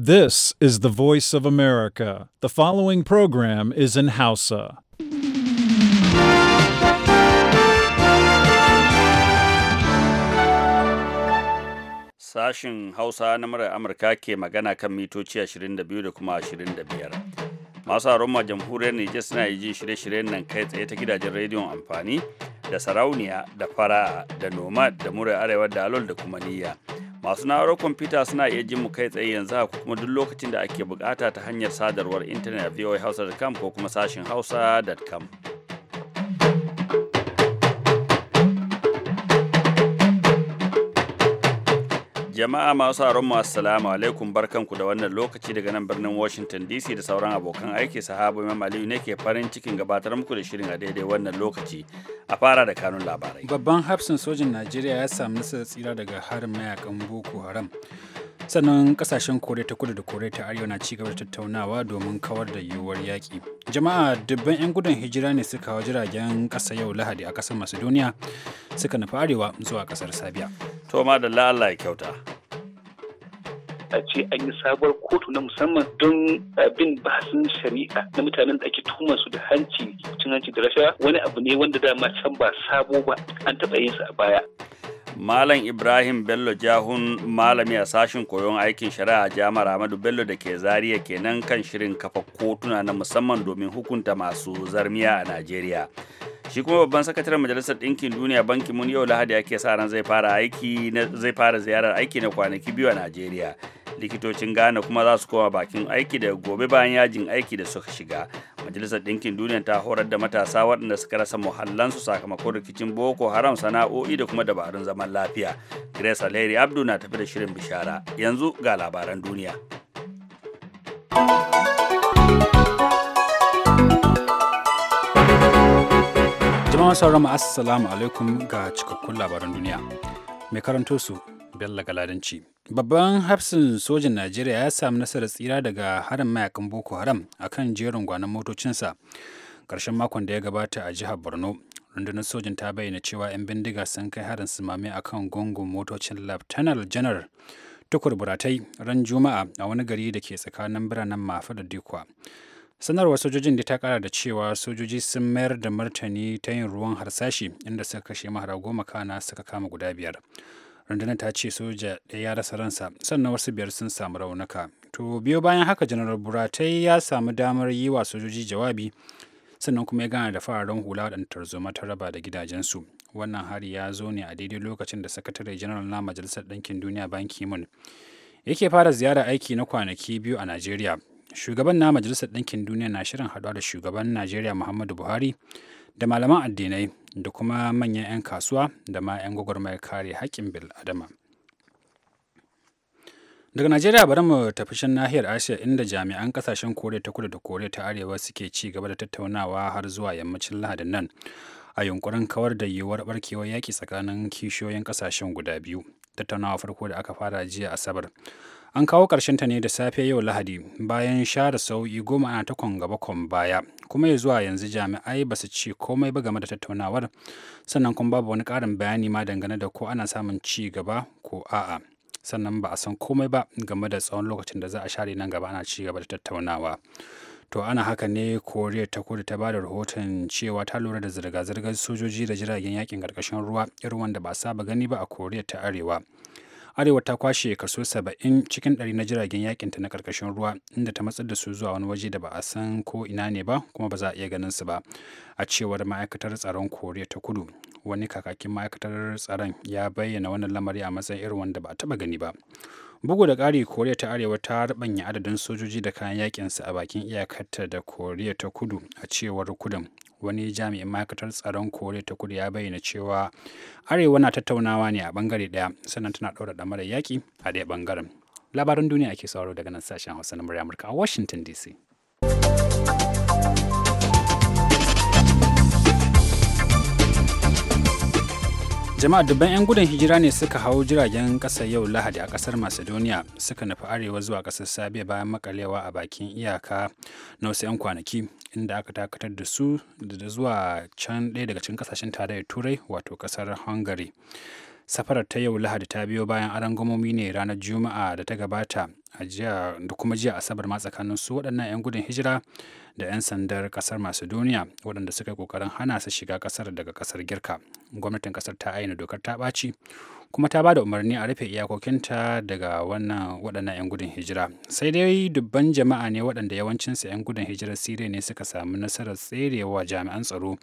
This is the voice of America. The following program is in Hausa. Sashin Hausa na murar Amurka ke magana kan mitoci 22 da kuma 25. Masu haruma jamhuriyar Nijar suna jin shirye-shiryen nan kai tsaye ta gidajen rediyon amfani da sarauniya da fara'a da nomad da murar arewa da alol da kuma niyya. masu na'urar kwamfuta suna iya jin mu kai tsaye yanzu haka kuma duk lokacin da ake bukata ta hanyar sadarwar intanet voahausa.com ko kuma sashin hausa.com Jama'a masu haron mu assalamu alaikum barkanku da wannan lokaci daga nan birnin Washington DC da sauran abokan aiki sahaba Imam Aliyu ne ke farin cikin gabatar muku da shirin a daidai wannan lokaci. A fara da kanun labarai. Babban hafsin sojin Najeriya ya samu nasarar tsira daga harin mayakan Boko Haram. sannan kasashen koriya ta kudu da koriya ta arewa na cigaba da tattaunawa domin kawar da yiwuwar yaƙi jama'a dubban 'yan gudun hijira ne suka hau jiragen ƙasa yau lahadi a ƙasar macedonia suka nufi arewa zuwa ƙasar sabiya to ma da Allah ya kyauta a ce an yi sabuwar kotu na musamman don eh, bin bahasin shari'a na mutanen da ake tuma su da hanci cin hanci da rasha. wani abu ne wanda dama can ba sabo ba an taɓa yin sa a baya Malam Ibrahim Bello Jahun malami a sashin koyon aikin shari'a a Jami'ar Ahmadu Bello da ke Zaria kenan kan shirin kafa kotuna na musamman domin hukunta masu zarmiya a Najeriya. shi kuma babban sakataren majalisar ɗinkin duniya bankin mun yau lahadi yake sa ran zai fara aiki zai fara ziyarar aiki na kwanaki biyu a najeriya likitocin ghana kuma za su koma bakin aiki da gobe bayan yajin aiki da suka shiga majalisar ɗinkin duniya ta horar da matasa waɗanda suka rasa muhallansu sakamakon rikicin boko haram sana'o'i da kuma dabarun zaman lafiya grace alheri abdu na tafi da shirin bishara yanzu ga labaran duniya thank you masu assalamu alaikum ga cikakkun labaran duniya. Mai karanto su Bello Galadanci. Babban hafsin sojin Najeriya ya samu nasarar tsira daga harin mayakan Boko Haram akan jerin gwanon motocinsa. karshen makon da ya gabata a jihar Borno, rundunar sojin ta bayyana cewa 'yan bindiga sun kai harin a akan gungun motocin Lieutenant janar Tukur Buratai ran Juma'a a wani gari da ke tsakanin biranen Mafa da Dikwa. sanarwar sojojin da ta kara da cewa sojoji sun mayar da martani ta yin ruwan harsashi inda suka kashe mahara goma kana suka kama guda biyar rundunar ta ce soja ɗaya ya rasa ransa sannan wasu biyar sun samu raunuka to biyo bayan haka janar buratai ya samu damar yi wa sojoji jawabi sannan kuma ya gana da fararen hula waɗanda tarzoma ta raba da gidajensu wannan hari ya zo ne a daidai lokacin da sakatare janar na majalisar ɗankin duniya ban mun yake fara ziyara aiki na kwanaki biyu a najeriya shugaban na majalisar ɗinkin duniya na shirin haɗuwa da shugaban najeriya muhammadu buhari da malaman addinai da kuma manyan 'yan kasuwa da ma 'yan gwagwarmayar kare haƙƙin bil adama. daga najeriya bari mu tafi shan nahiyar asiya inda jami'an kasashen koriya ta kudu da koriya ta arewa suke ci gaba da tattaunawa har zuwa yammacin lahadin nan a yunkurin kawar da yiwuwar barkewar yaƙi tsakanin kishiyoyin kasashen guda biyu tattaunawa farko da aka fara jiya asabar an kawo ta ne da safe yau lahadi bayan share sauyi goma ana takon gaba kwan baya kuma ya zuwa yanzu jami'ai ba su ce komai ba game da tattaunawar sannan kuma babu wani ƙarin bayani ma dangane da ko ana samun ci gaba ko a'a sannan ba a san komai ba game da tsawon lokacin da za a share nan gaba ana ci gaba da tattaunawa to ana haka ne koriya ta kudu ta bada rahoton cewa ta lura da zirga-zirgar sojoji da jiragen yakin karkashin ruwa irin wanda ba saba gani ba a koriya ta arewa arewa ta kwashe kaso 70 cikin 100 na jiragen yakinta na karkashin ruwa inda ta matsar da su zuwa wani waje da ba a san ko ina ne ba kuma ba za a iya ganin su ba a cewar ma'aikatar tsaron koriya ta kudu wani kakakin ma'aikatar tsaron ya bayyana wannan lamari a matsayin irin wanda ba a taba gani ba bugu da ƙari koriya ta arewa ta rabanya adadin sojoji da kayan yakinsa a bakin iyakarta da koriya ta kudu a cewar kudin wani jami'in ma'aikatar tsaron koriya ta kudu ya bayyana cewa arewa na tattaunawa ne a bangare daya sannan tana ɗaura ɗamarar yaƙi a daya bangaren labaran duniya ake sauraro daga nan sashen hausa na murya amurka a washington dc jama'a dubban 'yan gudun hijira ne suka hau jiragen ƙasa yau lahadi a ƙasar macedonia suka nufi arewa zuwa ƙasar sabia bayan makalewa a bakin iyaka na wasu 'yan kwanaki inda aka dakatar da su da zuwa can ɗaya daga cikin ƙasashen tarayyar turai wato ƙasar hungary safarar ta yau lahadi ta biyo bayan arangamomi ne ranar juma'a da ta gabata da kuma jiya asabar ma tsakanin su waɗannan 'yan gudun hijira da 'yan sandar ƙasar macedonia waɗanda suka yi ƙoƙarin hana su shiga ƙasar daga ƙasar girka gwamnatin ƙasar ta aina dokar ta ɓaci kuma ta ba da umarni a rufe iyakokinta daga wannan waɗannan 'yan gudun hijira sai dai dubban jama'a ne waɗanda yawancinsu 'yan gudun hijirar siriya ne suka samu nasarar tserewa jami'an tsaro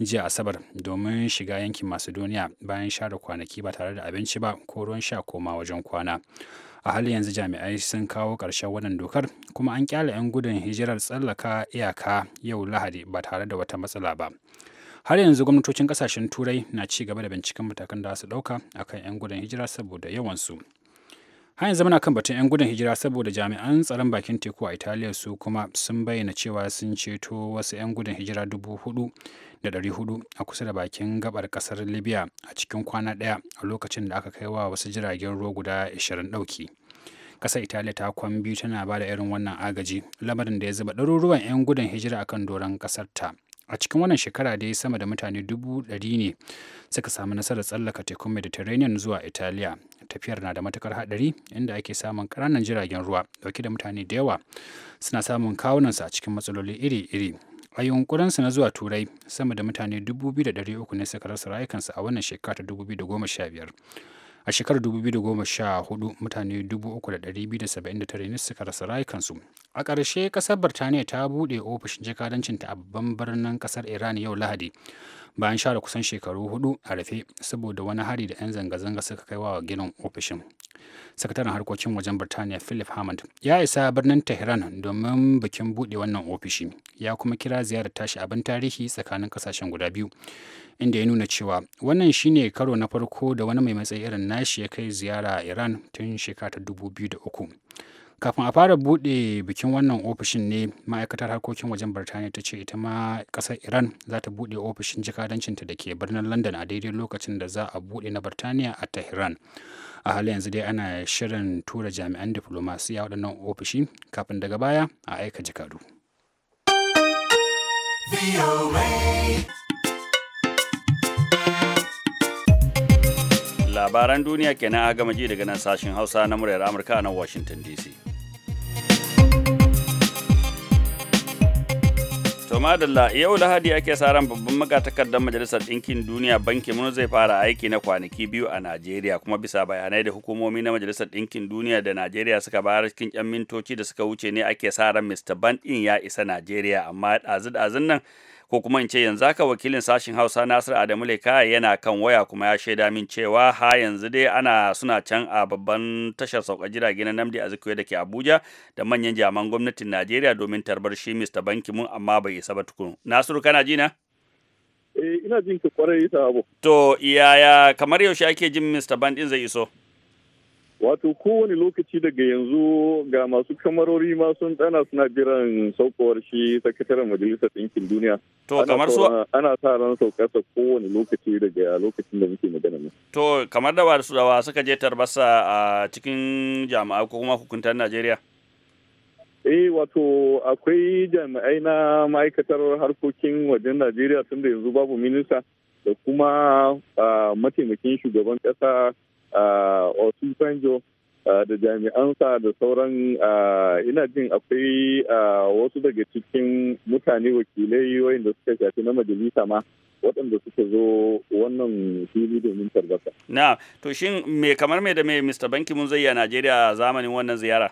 jiya asabar domin shiga yankin macedonia bayan share kwanaki ba tare da abinci ba ko ruwan sha koma wajen kwana a hali yanzu jami'ai sun kawo ƙarshen wannan dokar kuma an kyale 'yan gudun hijirar tsallaka iyaka yau lahadi ba tare da wata matsala ba har yanzu gwamnatocin kasashen turai na ci gaba da binciken matakan da su ɗauka akan 'yan gudun hijira saboda yawansu har yanzu muna kan batun 'yan gudun hijira saboda jami'an tsaron bakin teku a italiya su kuma sun bayyana cewa sun ceto wasu 'yan gudun hijira dubu hudu da dari hudu a kusa da bakin gabar kasar libya a cikin kwana daya a lokacin da aka kai wa wasu jiragen ruwa guda 20 dauki kasar italiya ta kwambi tana ba da irin wannan agaji lamarin da ya zuba ɗaruruwan 'yan gudun hijira akan doron kasar ta a cikin wannan shekara dai sama da mutane dubu ɗari ne suka samu nasarar tsallaka tekun mediterranean zuwa italiya tafiyar na da matukar hadari inda ake samun ƙananan jiragen ruwa dauke da mutane da yawa suna samun kawunansu a cikin matsaloli iri-iri a yunkurinsu na zuwa turai sama da mutane 2,300 ne suka rasa rayukansu a wannan shekara ta 2015 a shekarar 2014 mutane 3,279 ne suka rasa rayukansu a ƙarshe ƙasar birtaniya ta buɗe ofishin jakadancinta a babban birnin ƙasar iran yau lahadi bayan share kusan shekaru hudu a rufe saboda wani hari da 'yan zanga-zanga suka kai wa ginin ofishin sakataren harkokin wajen birtaniya philip hammond ya isa birnin tehran domin bikin buɗe wannan ofishi ya kuma kira ziyarar tashi abin tarihi tsakanin kasashen guda biyu inda ya nuna cewa wannan shine karo na farko da wani mai matsayi irin nashi ya kai ziyara iran tun shekara ta 2003 kafin a fara buɗe bikin wannan ofishin ne ma'aikatar harkokin wajen birtaniya ta ce ita ma ƙasar iran za ta buɗe ofishin jikadancinta da ke birnin london a daidai lokacin da za a buɗe na birtaniya a tehran a halin yanzu dai ana shirin tura jami'an diplomasiya waɗannan ofishi kafin daga baya a aika jikadu labaran duniya kenan a gama ji daga nan sashen hausa na muryar amurka a nan washington dc to madalla yau lahadi ake sa ran babban magatakardar majalisar ɗinkin duniya banki mun zai fara aiki na kwanaki biyu a najeriya kuma bisa bayanai da hukumomi na majalisar ɗinkin duniya da najeriya suka bayar cikin yan mintoci da suka wuce ne ake sa ran mr ban ɗin ya isa najeriya amma ɗazu-ɗazun nan ko kuma in ce yanzu haka wakilin sashen hausa nasir adamu leka yana kan waya kuma ya shaida min cewa ha yanzu dai ana suna can a babban tashar sauka jirage na namdi a da ke abuja da manyan jaman gwamnatin najeriya domin tarbar shi mr banki mun amma bai isa ba tukun nasiru kana ji na eh, ina jin ka kwarai ta abu to iyaya kamar yaushe ake jin mr bandin zai iso wato kowane lokaci daga yanzu ga masu kamarori ma sun dana suna jiran saukowar shi sakataren majalisar ɗinkin duniya to kamar su ana sa ran saukarsa kowane lokaci daga lokacin da muke magana ne to kamar da wasu wasu suka je tarbasa a cikin jami'a ko kuma hukuntar najeriya eh wato akwai jami'ai na ma'aikatar harkokin wajen najeriya tunda yanzu babu minista da kuma ah, mataimakin shugaban ƙasa osun da jami'ansa da sauran ina jin akwai wasu daga cikin mutane wakilai wayanda suka shafi na majalisa ma waɗanda suka zo wannan fili domin tarbata. na to shin me kamar me da me mr banki mun zai a najeriya zamanin wannan ziyara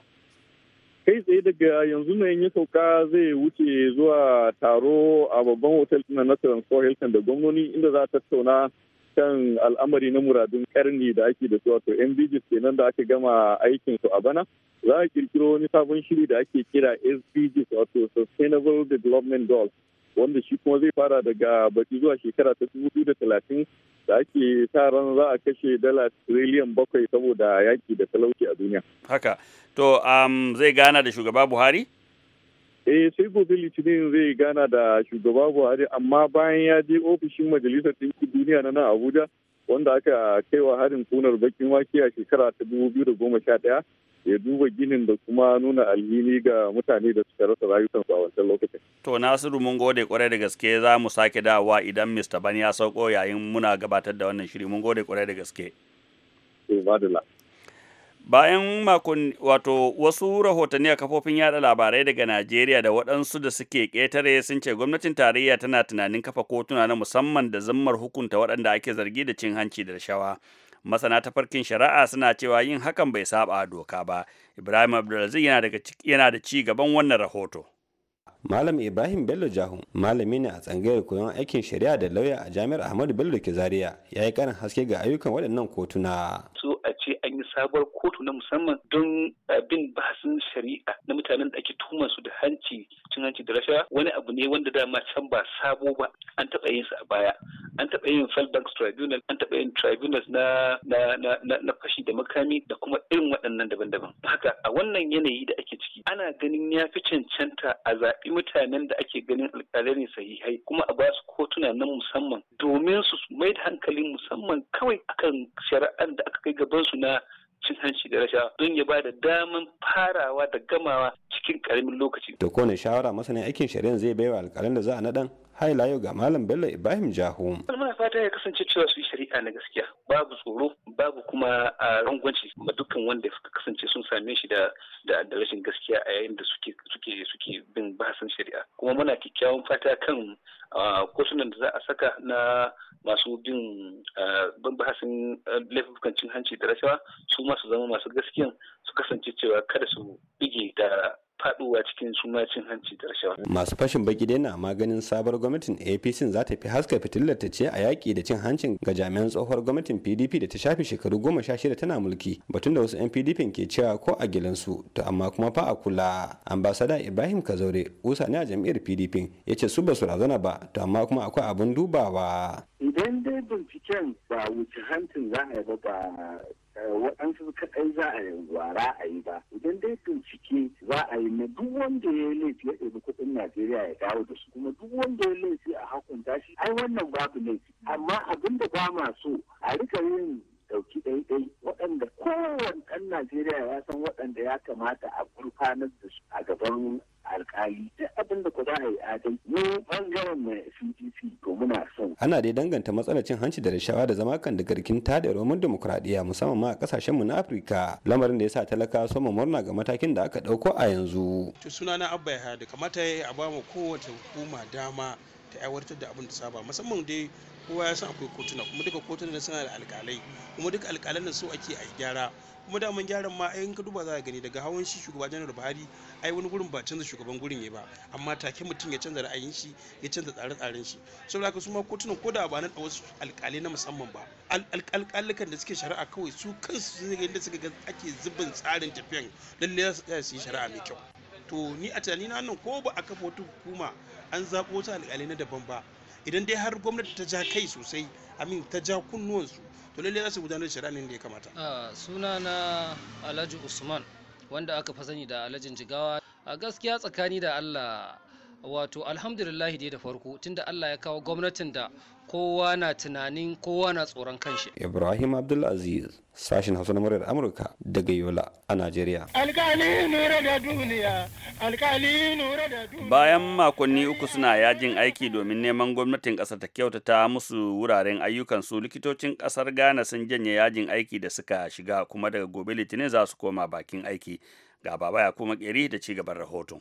kai tsaye daga yanzu na ya sauka zai wuce zuwa taro a babban hotel na nasarar hilton da gwamnoni inda za a tattauna kan al'amari na muradun karni da ake da su wato mbgs kenan da aka gama aikin su a bana za a kirkiro wani sabon shiri da ake kira sdgs wato sustainable development goals wanda shi kuma zai fara daga baki zuwa shekara ta dubu da talatin da ake sa ran za a kashe dala triliyan bakwai saboda yaki da talauci a duniya haka to um, zai gana da shugaba buhari eh sai gobe litinin zai gana da shugaba buhari amma bayan ya je ofishin majalisar ɗinkin duniya na nan abuja wanda aka kai wa harin kunar bakin wake a shekara ta dubu biyu da goma sha ɗaya ya duba ginin da kuma nuna alhini ga mutane da suka rasa rayukan a wancan lokacin. To Nasiru mun gode kwarai da gaske za mu sake dawowa idan Mr. Bani ya sauko yayin muna gabatar da wannan shiri mun gode kwarai da gaske. Eh, bayan makon wato wasu rahotanni a kafofin yada labarai daga najeriya da waɗansu da suke ƙetare sun ce gwamnatin tarayya tana tunanin kafa kotuna na musamman da zammar hukunta waɗanda ake zargi da cin hanci da rashawa masana tafarkin shari'a suna cewa yin hakan bai saba doka ba ibrahim abdulaziz yana yana da ci gaban wannan rahoto Malam Ibrahim Bello Jahu malami ne a tsangayar koyon aikin shari'a da lauya a Jami'ar Ahmadu Bello ke Zaria ya yi karin haske ga ayyukan waɗannan kotuna. Su sabuwar kotu na musamman don bin bahasin shari'a na mutanen da ake tuma su da hanci cin hanci da rashawa wani abu ne wanda dama can ba sabo ba an taɓa yin sa a baya an taɓa yin Felbanks Tribunal an taɓa yin tribunals na na na na fashi da makami da kuma irin waɗannan daban-daban haka a wannan yanayi da ake ciki ana ganin ya fi cancanta a zaɓi mutanen da ake ganin alƙalai ne sahihai kuma a ba su kotuna na musamman domin su mai da hankali musamman kawai akan shari'ar da aka kai gaban su na cin hanci da rashawa don ya ba da damar farawa da gamawa cikin karamin lokaci. Da kowane shawara masanin aikin shari'a zai baiwa alƙalan da za a naɗan? har yau ga malam bello ibrahim jahu muna fata ya kasance cewa su yi shari'a na gaskiya babu tsoro babu kuma a rangwanci ma dukkan wanda suka kasance sun same shi da da rashin gaskiya a yayin da suke suke suke bin basan shari'a kuma muna kyakkyawan fata kan kotunan da za a saka na masu bin bin bahasin laifukan cin hanci da rashawa su masu zama masu gaskiya su kasance cewa kada su bige da faduwa cikin suna cin hanci da rashawa. Masu fashin baki dai na maganin sabar gwamnatin APC za ta fi haska fitilar ta ce a yaƙi da cin hancin ga jami'an tsohuwar gwamnatin PDP da ta shafe shekaru goma sha shida tana mulki batun da wasu 'yan PDP ke cewa ko a gilansu to amma kuma fa a kula. Ambasada Ibrahim Kazaure usa ne a jam'iyyar PDP ya ce su ba su razana ba to amma kuma akwai abin dubawa. Idan dai binciken ba wuce hancin za a yi ba Eh, waɗansu kaɗai za a yi a yi ba idan dai bincike za a yi na duk wanda ya yi laifi ya ɗebi kuɗin najeriya ya dawo da su kuma duk wanda ya laifi a hakunta shi ai wannan babu laifi amma abin da ba ma so a rika yin ɗauki ɗaiɗai waɗanda kowane ɗan najeriya ya san waɗanda ya kamata a gurfanar da su a gaban alkali duk abin da ku za a yi adai mu bangaren na cdc to muna ana dai danganta matsalar cin hanci da rashawa da zama kan da garkin da roman demokuraɗiyya musamman ma a kasashen mu na afirka lamarin da ya sa talaka so mu murna ga matakin da aka dauko a yanzu to sunana abba ya da kamata ya ba mu kowace hukuma dama ta aiwatar da abin da saba musamman dai kowa ya san akwai kotuna kuma duka kotuna suna da alkalai kuma duka alkalan nan so ake a gyara kuma daman gyaran ma in ka duba za a gani daga hawan shi shugaba janar buhari ai wani gurin ba canza shugaban gurin ya ba amma take mutum ya canza ra'ayin shi ya canza tsare-tsaren shi saboda haka su ma kotunan ko da ba na wasu alkalai na musamman ba alƙalukan da suke shari'a kawai su kansu su zai da suka ga ake zubin tsarin tafiyan lalle za su tsaya su yi shari'a mai kyau to ni a tunanina nan ko ba a kafa wata hukuma an zaɓo wata alƙalai na daban ba idan dai har gwamnati ta ja kai sosai amin ta ja kunnuwansu to lalle za su gudanar da shari'a da ya kamata suna na alhaji usman wanda aka fa sani da alhajin jigawa a gaskiya tsakani da allah wato alhamdulillahi dai da farko tunda Allah ya kawo gwamnatin da kowa na tunanin kowa na tsoron kanshi. Ibrahim Abdulaziz sashen Hausa na murar Amurka daga Yola a Najeriya. Bayan makonni uku suna yajin aiki domin neman gwamnatin ƙasar ta kyautata musu wuraren ayyukan su likitocin ƙasar Ghana sun janye yajin aiki da suka shiga kuma daga gobe Litinin za su koma bakin aiki. Ga baba ya kuma ƙeri da ci gaban rahoton.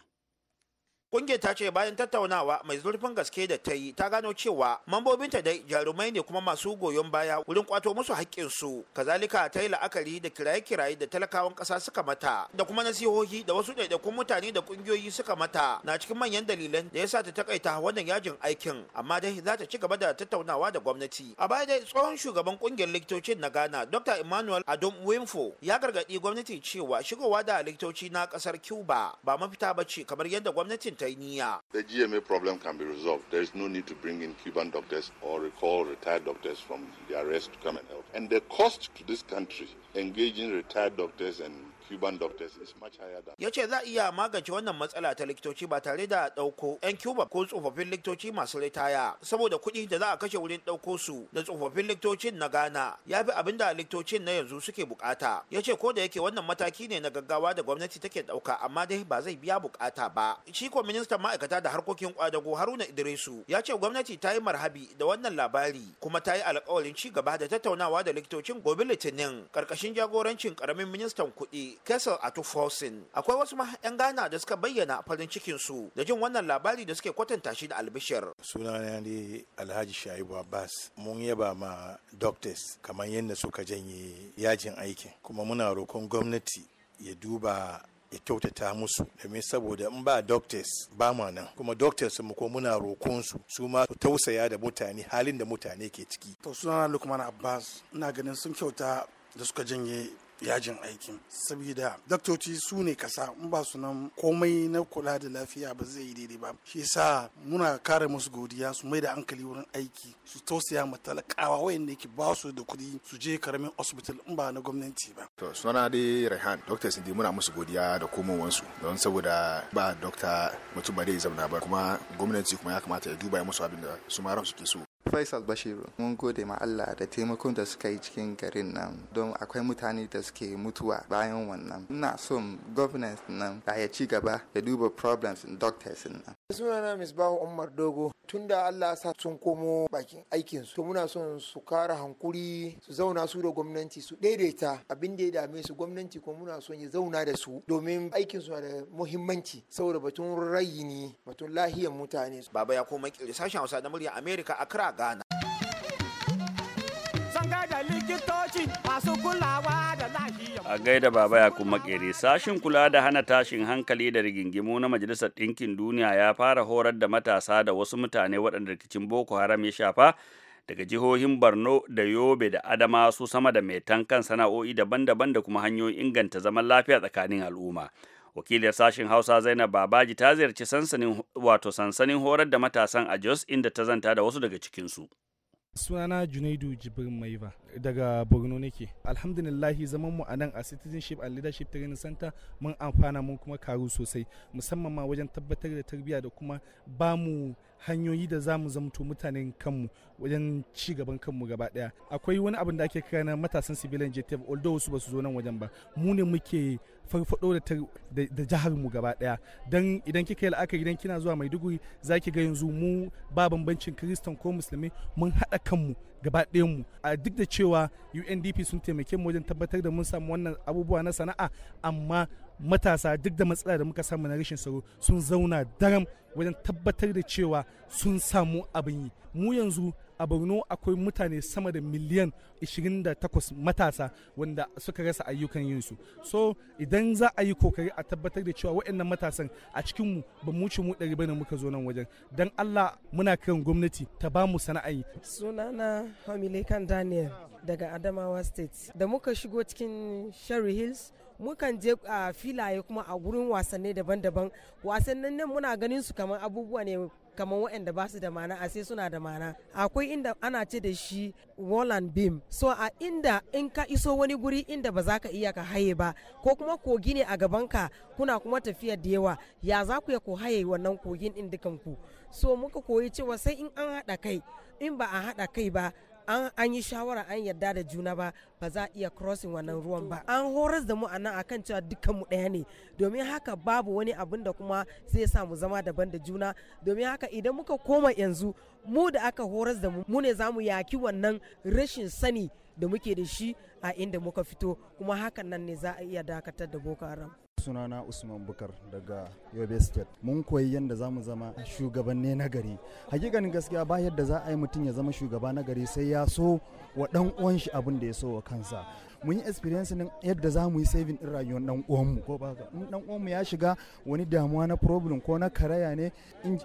Kungiyar ta ce bayan tattaunawa mai zurfin gaske da ta yi ta gano cewa mambobinta dai jarumai ne kuma masu goyon baya wurin kwato musu haƙƙinsu. Kazalika ta yi la'akari da kiraye-kiraye da talakawan ƙasa suka mata da kuma nasihohi da wasu ɗaiɗaikun mutane da ƙungiyoyi suka mata na cikin manyan dalilan da ya sa ta takaita wannan yajin aikin amma dai za ta ci gaba da tattaunawa da gwamnati. A baya dai tsohon shugaban ƙungiyar likitocin na Ghana Dr. Emmanuel Adom Wimfo ya gargaɗi gwamnati cewa shigowa da likitoci na ƙasar Cuba ba mafita ba ce kamar yadda gwamnatin The GMA problem can be resolved. There is no need to bring in Cuban doctors or recall retired doctors from the rest to come and help. And the cost to this country engaging retired doctors and Cuban doctors is much higher than. Ya ce za a iya magance wannan matsala ta likitoci ba tare da ɗauko 'yan Cuba ko tsofaffin likitoci masu ritaya saboda kuɗi da za a kashe wurin ɗauko su da tsofaffin likitocin na Ghana ya fi abin da likitocin na yanzu suke bukata. Ya ce ko da yake wannan mataki ne na gaggawa da gwamnati take ɗauka amma dai ba zai biya bukata ba. Shi ko ministan ma'aikata da harkokin kwadago Haruna Idrisu ya ce gwamnati ta yi marhabi da wannan labari kuma ta yi alkawarin ci gaba da tattaunawa da likitocin gobe Litinin karkashin jagorancin karamin ministan kuɗi Kesel Atufosin. Akwai wasu ma 'yan da suka bayyana farin cikin su da jin wannan labari da suke kwatanta shi da albishir. na ne Alhaji Shaibu Abbas. Mun yaba ma doctors kamar yadda suka janye yajin aikin. Kuma muna roƙon gwamnati ya duba ya kyautata musu domin saboda in ba doctors ba ma nan kuma doctors mu ko muna roƙon su su ma su tausaya da mutane halin da mutane ke ciki to sunana lukman abbas ina ganin sun kyauta da suka janye yajin aikin saboda daktoci su ne kasa in ba su nan komai na kula da lafiya ba zai yi daidai ba shi yasa muna kare musu godiya su mai da hankali wurin aiki su tausaya ma talakawa wayanda yake ba su da kuɗi su je karamin hospital in ba na gwamnati ba to suna dai Rehan sindi muna musu godiya da komowansu don saboda ba doctor mutum ba zai zauna ba kuma gwamnati kuma ya kamata ya duba ya musu abin da su ma ran suke so Faisal Bashiru mun gode ma Allah da taimakon da suka yi cikin garin nan don akwai mutane da suke mutuwa bayan wannan. Ina son governance nan da ya ci gaba da duba problems in doctors nan. Sunana bahu Umar Dogo tunda Allah sa sun komo bakin aikin su muna son su kara hankuri su zauna su da gwamnati su daidaita abin da ya dame su gwamnati ko muna son ya zauna da su domin aikin su da muhimmanci saboda batun rayi ne batun lahiyan mutane. Baba ya koma sashen Hausa na murya Amerika Accra Ghana. A gaida baba ya kuma kere sashin kula da hana tashin hankali da rigingimu na Majalisar Ɗinkin Duniya ya fara horar da matasa da wasu mutane waɗanda rikicin Boko Haram ya shafa daga jihohin Borno da Yobe da Adama su sama da metan kan sana'o'i daban-daban da kuma hanyoyin inganta zaman lafiya tsakanin al'umma. wakilar sashen hausa zainab babaji ta ziyarci sansanin wato sansanin horar da matasan a jos inda ta zanta da wasu daga cikinsu sunana junaidu jibrin maiva daga borno nake alhamdulillah zaman mu a nan a citizenship and leadership training center mun amfana mun kuma karu sosai musamman ma wajen tabbatar da tarbiyya da kuma ba mu hanyoyi da za mu zamto mutanen kanmu wajen ci gaban kanmu gaba daya akwai wani abin da ake kira na matasan civilian jtf although su ba su zo nan wajen ba mu ne muke farfado da jihar mu gaba ɗaya dan idan kika yi la'akari idan kina zuwa maiduguri zaki ga yanzu mu ba bambancin kristan ko musulmi mun haɗa kanmu gaba mu a duk da cewa undp sun taimake mu wajen tabbatar da mun samu wannan abubuwa na sana'a amma matasa duk da matsala da muka samu na rashin tsaro sun zauna daram wajen tabbatar da cewa sun samu abin yi mu yanzu a borno akwai mutane sama da miliyan 28 matasa wanda suka rasa ayyukan yin su so idan za a yi kokari a tabbatar da cewa waɗannan matasan a cikinmu ba mu ci mu ɗari bane muka zo nan wajen dan allah muna kiran gwamnati ta ba mu sana'a na sunana kan daniel daga adamawa state da muka shigo cikin sherry hills mukan je a filaye kuma a gurin wasanni daban-daban wasannin nan muna ganin su kamar abubuwa ne kamar waɗanda ba su da mana a sai suna da mana akwai inda ana ce da shi wall and beam so a inda in ka iso wani guri inda ba za ka iya ka haye ba ko kuma kogi ne a gaban ka kuna kuma tafiya da yawa ya za ku ya ku haye wannan kogin in dukanku so muka koyi cewa sai in an haɗa kai in ba a haɗa kai ba an yi shawara an yarda da juna ba ba za a iya crossing wannan ruwan ba an horas da mu a nan akan cewa dukkan mu ɗaya ne domin haka babu wani abin da kuma zai sa mu zama daban da juna domin haka idan muka koma yanzu mu da aka horas da mu mu ne za mu yaki wannan rashin sani da muke da shi a inda muka fito kuma hakan nan ne za a iya dakatar da boko haram sunana usman bukar daga yobe state mun koyi yadda za mu zama shugabanni na gari hakikanin gaskiya ba yadda za a yi mutum ya zama shugaba nagari sai ya so wa dan uwan shi abin da ya so wa kansa mun yi experience din yadda za mu yi saving din rayuwar dan mu ko ba ga dan mu ya shiga wani damuwa na problem ko na karaya ne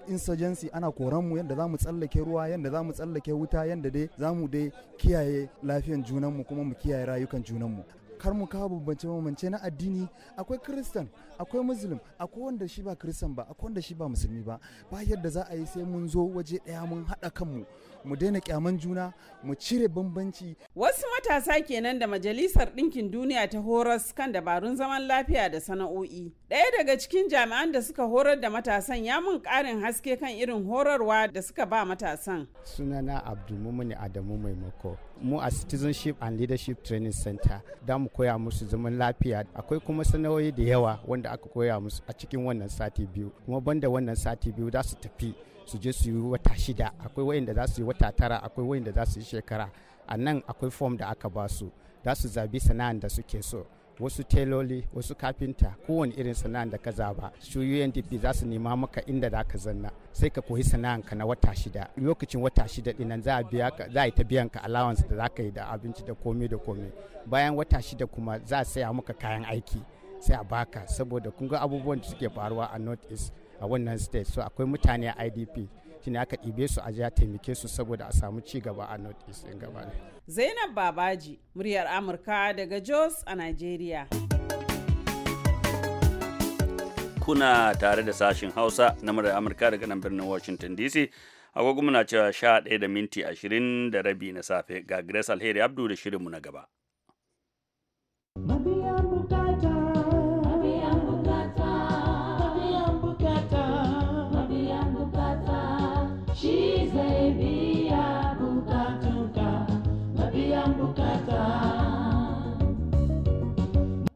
insurgency ana koran mu yadda za mu tsallake ruwa yadda za mu tsallake wuta yadda dai za mu dai kiyaye lafiyan junanmu kuma mu kiyaye rayukan junanmu kar mu kawo bambance bambance na addini akwai kristan akwai muslim akwai wanda shi ba kristan ba akwai wanda shi ba musulmi ba ba yadda za a yi sai mun zo waje daya mun haɗa kanmu mu daina kyaman juna mu cire bambanci wasu matasa kenan da majalisar ɗinkin duniya ta horas kan dabarun zaman lafiya da sana'o'i ɗaya daga cikin jami'an da suka horar da matasan ya mun ƙarin haske kan irin horarwa da suka ba matasan sunana abdulmumuni adamu maimako mu a citizenship and leadership training center da mu koya musu zaman lafiya akwai kuma sana'o'i da yawa wanda aka koya musu a cikin wannan sati biyu kuma banda wannan sati biyu za su tafi su je su yi wata shida akwai wayanda za su yi wata tara akwai wayanda za su yi shekara a nan akwai fom da aka ba su za su zabi sana'an da suke so wasu teloli wasu kafinta kowane irin sana'an da ka zaba su UNDP za su nema maka inda za ka zanna sai ka koyi sana'an ka na wata shida lokacin wata shida dinan za a biya za a yi ta biyan ka allowance da za ka yi da abinci da komai da komai bayan wata shida kuma za a saya maka kayan aiki sai a baka saboda kun ga abubuwan da suke faruwa a north east a wannan state so akwai mutane a idp shi ne aka ɗibe su a jiya taimake su saboda a samu ci gaba a north east in gaba zainab babaji muryar amurka daga jos a nigeria kuna tare da sashen hausa na muryar amurka daga nan birnin washington dc agogo muna cewa sha ɗaya da minti ashirin da rabi na safe ga grace alheri abdu da shirinmu na gaba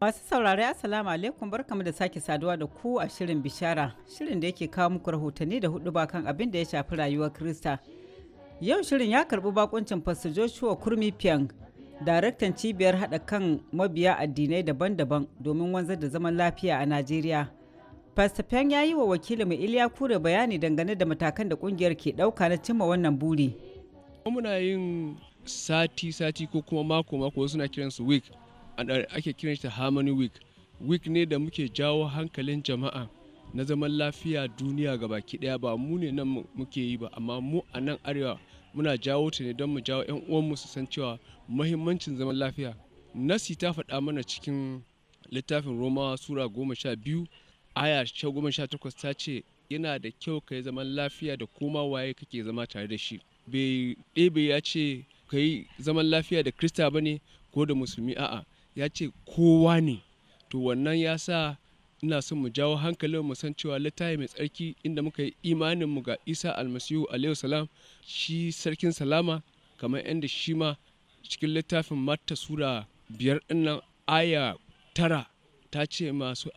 Masu saurari Assalamu alaikum barkamu da sake saduwa da ku a shirin bishara shirin da yake kawo muku rahotanni da hudu kan abin da ya shafi rayuwar Krista. Yau shirin ya karbi bakuncin Pastor Joshua Kurmi Piang, daraktan cibiyar haɗa kan mabiya addinai daban-daban domin wanzar da zaman lafiya a Najeriya. Pastor Piang ya yi wa wakilin mu Iliya Kure bayani dangane da matakan da kungiyar ke ɗauka na cimma wannan buri. Muna yin sati-sati ko kuma mako-mako suna kiransu week ake kiran shi harmony week week ne da muke jawo hankalin jama'a na zaman lafiya duniya ga baki daya ba mu ne nan muke yi ba amma mu a nan arewa muna jawo ta ne don mu jawo 'yan uwanmu su san cewa muhimmancin zaman lafiya nasi ta faɗa mana cikin littafin romawa sura goma sha biyu aya sha goma sha takwas ta ce yana da kyau ka yi zaman lafiya da koma waye kake zama tare da shi bai ɗebe ya ce ka yi zaman lafiya da krista ba ne ko da musulmi a'a ya ce kowa ne to wannan ya sa ina son mu jawo hankali mu san cewa littafi mai tsarki inda muka yi imanin mu ga Isa almasihu alaihi salam shi sarkin salama kamar yadda shi ma cikin littafin Matta sura biyar ɗinnan aya tara ta ce eh, masu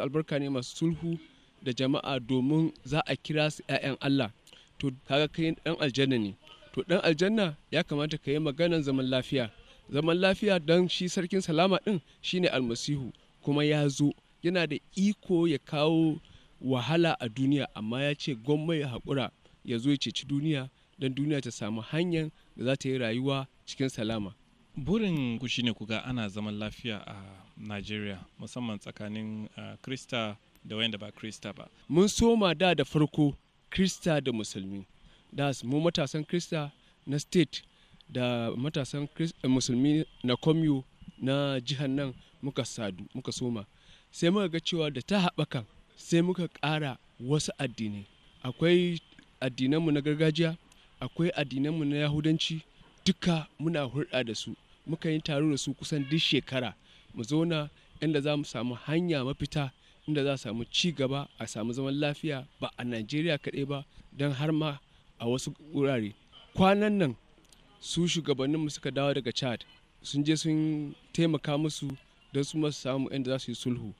albarka ne masu sulhu da jama'a domin za a kira su 'ya'yan Allah to kaga kai ɗan aljanna ne to ɗan aljanna ya kamata ka yi maganan zaman lafiya zaman lafiya don shi sarkin salama ɗin shine almasihu kuma ya zo yana da iko ya kawo wahala a duniya amma ya ce gwamma ya haƙura ya zo ya ceci duniya don duniya ta samu hanyar da za ta yi rayuwa cikin salama burin ku shine kuga ana zaman lafiya a nigeria musamman tsakanin krista da wayanda ba krista ba mun soma da da farko krista da musulmi da mu matasan krista na state da matasan eh, musulmi na komyo na jihar nan muka sadu muka soma sai muka ga cewa da ta haɓaka sai muka ƙara wasu addinai akwai addinanmu na gargajiya akwai addinanmu na yahudanci duka muna hulɗa da su muka yi taro da su kusan duk shekara mu zauna inda za mu samu hanya mafita inda za a samu ci gaba a samu zaman lafiya ba a najeriya kaɗai ba don har ma a wasu wurare kwanan nan su shugabanninmu suka dawo daga chad sun je sun taimaka musu don su masu samu inda za su yi sulhu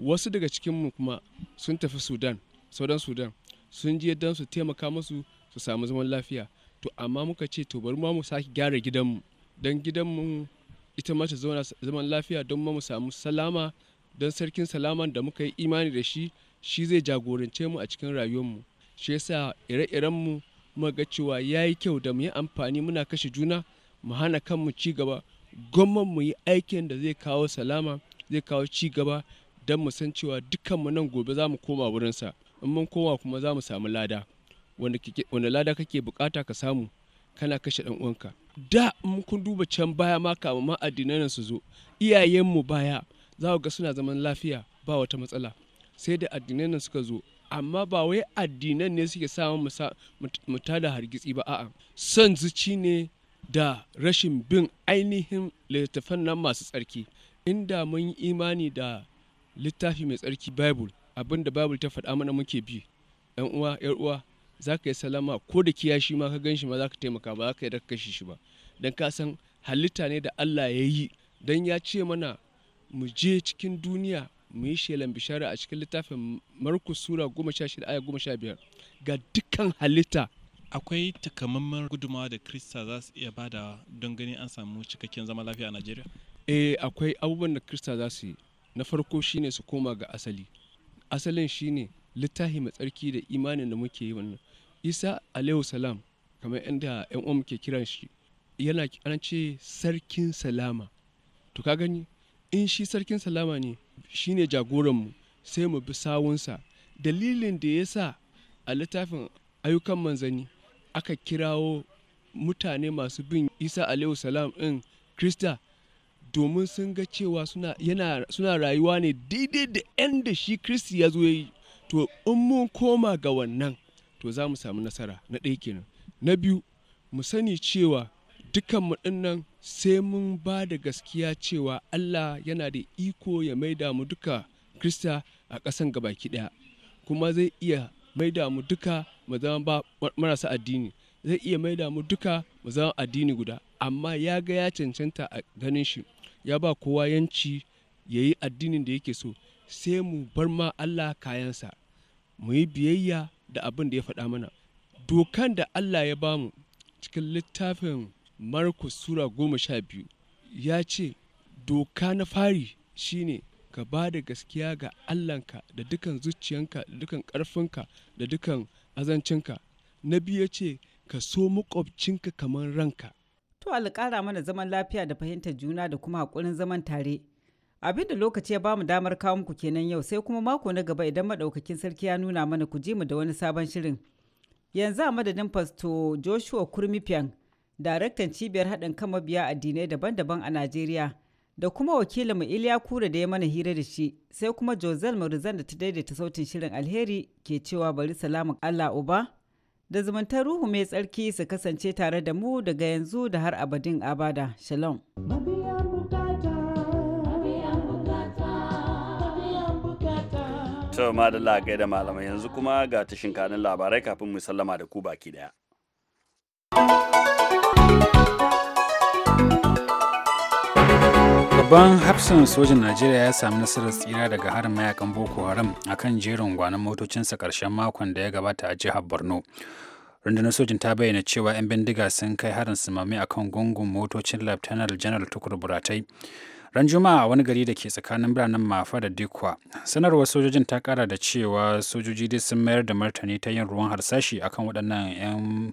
wasu daga cikinmu kuma sun tafi sudan sauran sudan sun je don su taimaka musu su samu zaman lafiya to amma muka ce to bari ma mu sake gyara gidanmu don gidanmu ita ma ta zaman lafiya don ma mu samu salama don sarkin salaman da muka yi imani da shi shi zai jagorance mu a cikin rayuwarmu shi yasa ire-irenmu muka ga cewa ya yi kyau da mu yi amfani muna kashe juna mu hana kanmu ci gaba gwamman mu yi aikin da zai kawo salama zai kawo ci gaba don mu san cewa dukkanmu nan gobe za mu koma wurinsa in mun koma kuma za mu samu lada wanda lada kake bukata ka samu kana kashe dan uwanka da in kun duba can baya ma kama ma addinan su zo iyayenmu baya za ga suna zaman lafiya ba wata matsala sai da addinan suka zo amma ba wai addinan ne suke samun mu da hargitsi ba a'a son zuci ne da rashin bin ainihin littafan nan masu tsarki inda mun yi imani da littafi mai tsarki bible abin da bible ta faɗa mana muke bi yan uwa yar uwa za ka yi salama ko da kiyashi ma ka gan shi ma za ka taimaka ba za ka yi da kashe shi ba don ka san halitta ne da allah ya yi don ya ce mana mu je cikin duniya mu yi shelan bishara a cikin littafin Markus Sura 16 aya 15 ga dukkan halitta akwai takamaiman gudumawa da Krista za su iya bada don ganin an samu cikakken zama lafiya a Najeriya? Eh akwai abubuwan da Krista za su yi. Na farko shine su koma ga asali. Asalin shine littafi mai tsarki da imanin da muke yi wannan. Isa alaihi salam kamar yadda yan uwan muke kiran shi yana an ce sarkin salama. To ka gani in shi sarkin salama ne Shi shine jagoranmu sai mu bi sawunsa dalilin da ya sa a littafin ayyukan manzanni aka kirawo mutane masu bin isa alaihi salam in krista domin sun ga cewa suna, rayuwa ne daidai da 'yan da shi kristi ya zo ya yi to in mun koma ga wannan to za mu samu nasara na ɗaya kenan na biyu mu sani cewa dukanmu dinnan sai mun ba da gaskiya cewa Allah yana da iko ya maida mu duka Krista a ƙasan gabaki ɗaya kuma zai iya maida mu duka mu zama marasa addini zai iya maida mu duka mu zama addini guda amma ya ga ya cancanta a ganin shi ya ba kowa yanci ya yi addinin da yake so sai mu bar ma Allah kayansa mu yi biyayya da abin da ya faɗa mana dokan da Allah ya bamu cikin littafin Markus Sura goma sha biyu ya ce, Doka na fari shi ne ka ba da gaskiya ga Allahnka da dukan zuciyanka da dukan ƙarfinka da dukan azancinka. Na biyu ya ce, ka so makwabcinka kamar ranka. To alƙara mana zaman lafiya da fahimtar juna da kuma haƙurin zaman tare. Abin da lokaci ya bamu damar kawo muku kenan yau sai kuma mako na gaba idan maɗaukakin sarki ya nuna mana ku ji mu da wani sabon shirin. Yanzu a madadin Fasto Joshua Kurmipian daraktan cibiyar haɗin kan mabiya addinai daban-daban a Najeriya, da kuma wakilin mu Iliya Kura da ya mana hira da shi, sai kuma Josel Marizan da ta daidaita sautin shirin alheri ke cewa bari salamun Allah Uba, da zumuntar ruhu mai tsarki su kasance tare da mu daga yanzu da har abadin abada. Shalom. To madalla gai da malamai yanzu kuma ga tashin kanin labarai kafin mu sallama da ku baki daya. babban hafsan sojin najeriya ya sami nasarar tsira daga harin mayakan boko haram a kan jerin gwanon motocinsa karshen makon da ya gabata a jihar borno rundunar sojin ta bayyana cewa 'yan bindiga sun kai harin sumami a kan gungun motocin laftanar janar tukur buratai ran juma'a wani gari da ke tsakanin biranen mafa da dikwa sanarwar sojojin ta kara da cewa sojoji dai sun mayar da martani ta yin ruwan harsashi akan waɗannan 'yan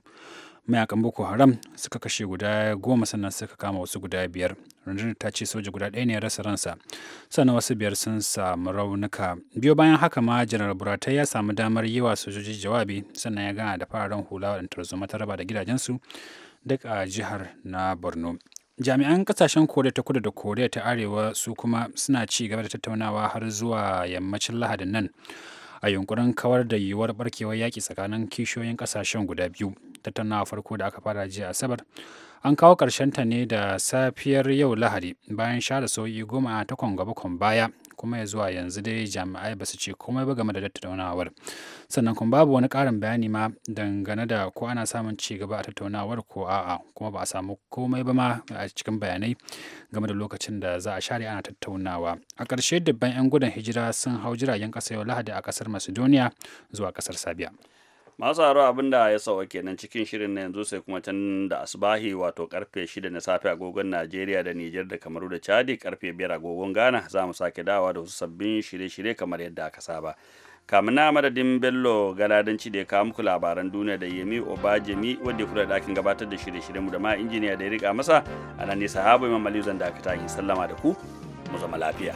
mayakan boko haram suka kashe guda goma sannan suka kama wasu guda biyar rundunar ta ce soja guda ɗaya ne rasa ransa sannan wasu biyar sun samu raunuka biyo bayan haka ma janar buratai ya samu damar yi wa sojoji jawabi sannan ya gana da fararen hula waɗanda tarzoma ta raba da gidajensu duk a jihar na borno jami'an kasashen koriya ta kudu da koriya ta arewa su kuma suna ci gaba da tattaunawa har zuwa yammacin lahadin nan a yunkurin kawar da yiwuwar barkewar yaƙi tsakanin kishiyoyin ƙasashen guda biyu tattaunawa farko da aka fara jiya asabar an kawo ƙarshen ta ne da safiyar yau lahadi bayan share sauyi goma gaba kwan baya kuma ya zuwa yanzu dai jami'ai ba su ce komai ba game da tattaunawar sannan kuma babu wani karin bayani ma dangane da ko ana samun ci gaba a tattaunawar ko a'a kuma ba a samu komai ba ma a cikin bayanai game da lokacin da za a share ana tattaunawa a ƙarshe dubban 'yan gudun hijira sun hau jiragen ƙasa yau lahadi a ƙasar macedonia zuwa ƙasar sabiya masu haro abin da ya sauwa kenan cikin shirin na yanzu sai kuma can da asbahi wato karfe 6 na safe agogon najeriya da nijar da kamaru da chadi karfe 5 agogon ghana za mu sake dawa da wasu sabbin shirye-shirye kamar yadda aka saba kamin na madadin bello galadanci da ya kawo muku labaran duniya da yemi obajemi wanda ya kula da ɗakin gabatar da shirye-shiryenmu da ma injiniya da ya rika masa a nan ne sahabu imam aliyu zan da aka sallama da ku mu zama lafiya.